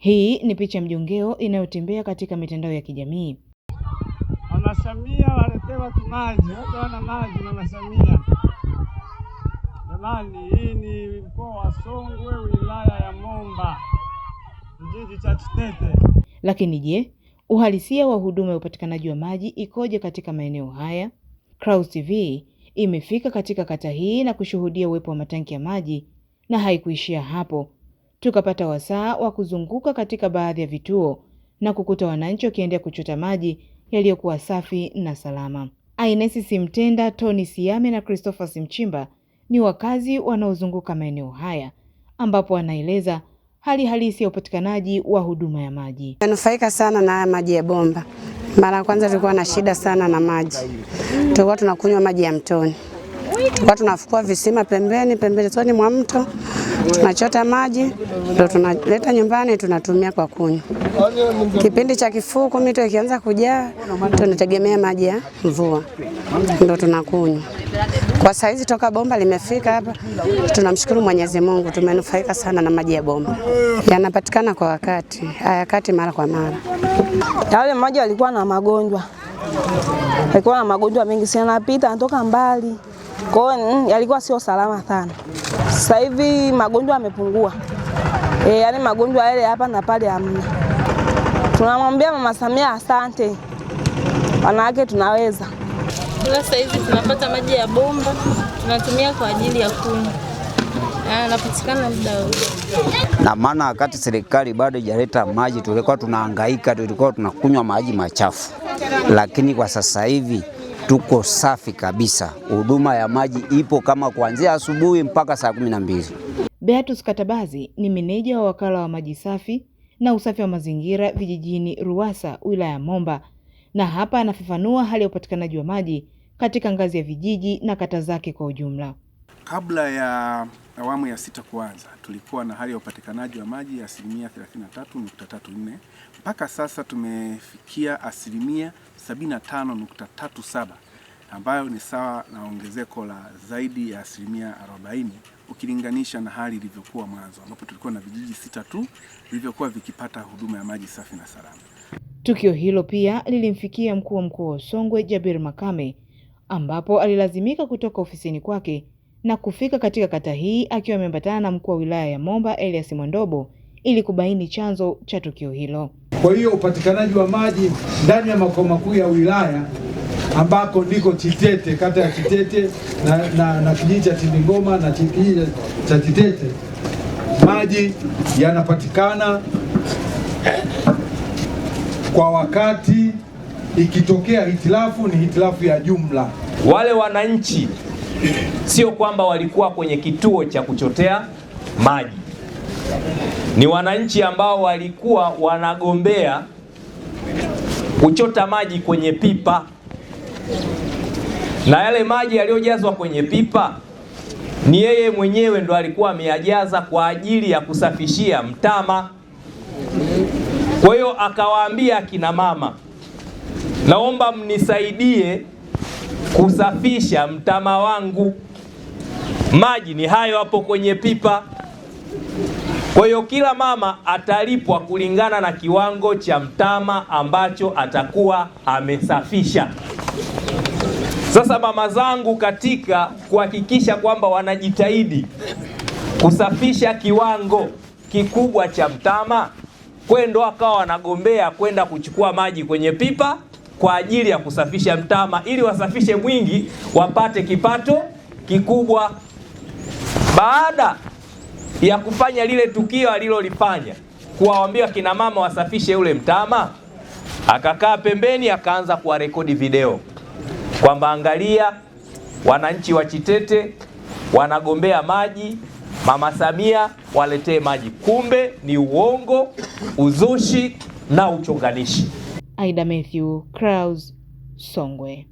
Hii ni picha mjongeo inayotembea katika mitandao ya kijamii. Mama Samia waletea maji, wana maji. Mama Samia jamani, hii ni mkoa wa Songwe, wilaya ya Momba, kijiji cha Tutete. Lakini je, uhalisia wa huduma ya upatikanaji wa maji ikoje katika maeneo haya? Clouds TV imefika katika kata hii na kushuhudia uwepo wa matanki ya maji na haikuishia hapo tukapata wasaa wa kuzunguka katika baadhi ya vituo na kukuta wananchi wakiendea kuchota maji yaliyokuwa safi na salama. Ainesi Simtenda, Tony Siame na Christopher Simchimba ni wakazi wanaozunguka maeneo haya ambapo wanaeleza hali halisi ya upatikanaji wa huduma ya maji. Nanufaika sana na haya maji ya bomba. Mara ya kwanza tulikuwa na shida sana na maji, tulikuwa tunakunywa maji ya mtoni, tulikuwa tunafukua visima pembeni pembezoni mwa mto tunachota maji ndio tunaleta nyumbani tunatumia kwa kunywa. Kipindi cha kifuu mito ikianza kujaa, tunategemea maji ya mvua ndio tunakunywa. Kwa saizi toka bomba limefika hapa, tunamshukuru Mwenyezi Mungu, tumenufaika sana na maji ya bomba. Yanapatikana kwa wakati, hayakati mara kwa mara. Yale maji yalikuwa na magonjwa, yalikuwa na magonjwa mengi sana, anapita anatoka mbali, kwa hiyo mm, yalikuwa sio salama sana. Sasa hivi magonjwa yamepungua, e, yaani magonjwa yale hapa na pale hamna. Tunamwambia Mama Samia asante, wanawake tunaweza. Sasa hivi tunapata maji ya bomba tunatumia kwa ajili ya kunywa, yanapatikana muda wote. Na maana wakati serikali bado ijaleta maji, tulikuwa tunahangaika, tulikuwa tunakunywa maji machafu, lakini kwa sasa hivi tuko safi kabisa, huduma ya maji ipo kama kuanzia asubuhi mpaka saa kumi na mbili. Beatus Katabazi ni meneja wa wakala wa maji safi na usafi wa mazingira vijijini RUWASA wilaya ya Momba, na hapa anafafanua hali ya upatikanaji wa maji katika ngazi ya vijiji na kata zake kwa ujumla. Kabla ya awamu ya sita kuanza, tulikuwa na hali ya upatikanaji wa maji ya asilimia 33.34 mpaka sasa tumefikia asilimia 75.37 ambayo ni sawa na ongezeko la zaidi ya asilimia 40 ukilinganisha na hali ilivyokuwa mwanzo ambapo tulikuwa na vijiji sita tu vilivyokuwa vikipata huduma ya maji safi na salama. Tukio hilo pia lilimfikia mkuu wa mkoa wa Songwe Jabir Makame ambapo alilazimika kutoka ofisini kwake na kufika katika kata hii akiwa ameambatana na mkuu wa wilaya ya Momba Elias Mwandobo ili kubaini chanzo cha tukio hilo. Kwa hiyo upatikanaji wa maji ndani ya makao makuu ya wilaya ambako ndiko Chitete, kata ya Chitete na, na, na kijiji cha Tindingoma na kijiji cha Titete, maji yanapatikana kwa wakati. Ikitokea hitilafu ni hitilafu ya jumla. Wale wananchi sio kwamba walikuwa kwenye kituo cha kuchotea maji, ni wananchi ambao walikuwa wanagombea kuchota maji kwenye pipa na yale maji yaliyojazwa kwenye pipa ni yeye mwenyewe ndo alikuwa ameyajaza kwa ajili ya kusafishia mtama. Kwa hiyo akawaambia akina mama, naomba mnisaidie kusafisha mtama wangu, maji ni hayo hapo kwenye pipa. Kwa hiyo kila mama atalipwa kulingana na kiwango cha mtama ambacho atakuwa amesafisha. Sasa mama zangu, katika kuhakikisha kwamba wanajitahidi kusafisha kiwango kikubwa cha mtama, kwendo akawa wanagombea kwenda kuchukua maji kwenye pipa kwa ajili ya kusafisha mtama, ili wasafishe mwingi wapate kipato kikubwa. Baada ya kufanya lile tukio alilolifanya kuwaambia kina mama wasafishe ule mtama, akakaa pembeni, akaanza kuwarekodi video kwamba angalia, wananchi wa Chitete wanagombea maji, Mama Samia waletee maji. Kumbe ni uongo, uzushi na uchonganishi. Aida Mathew, Clouds, Songwe.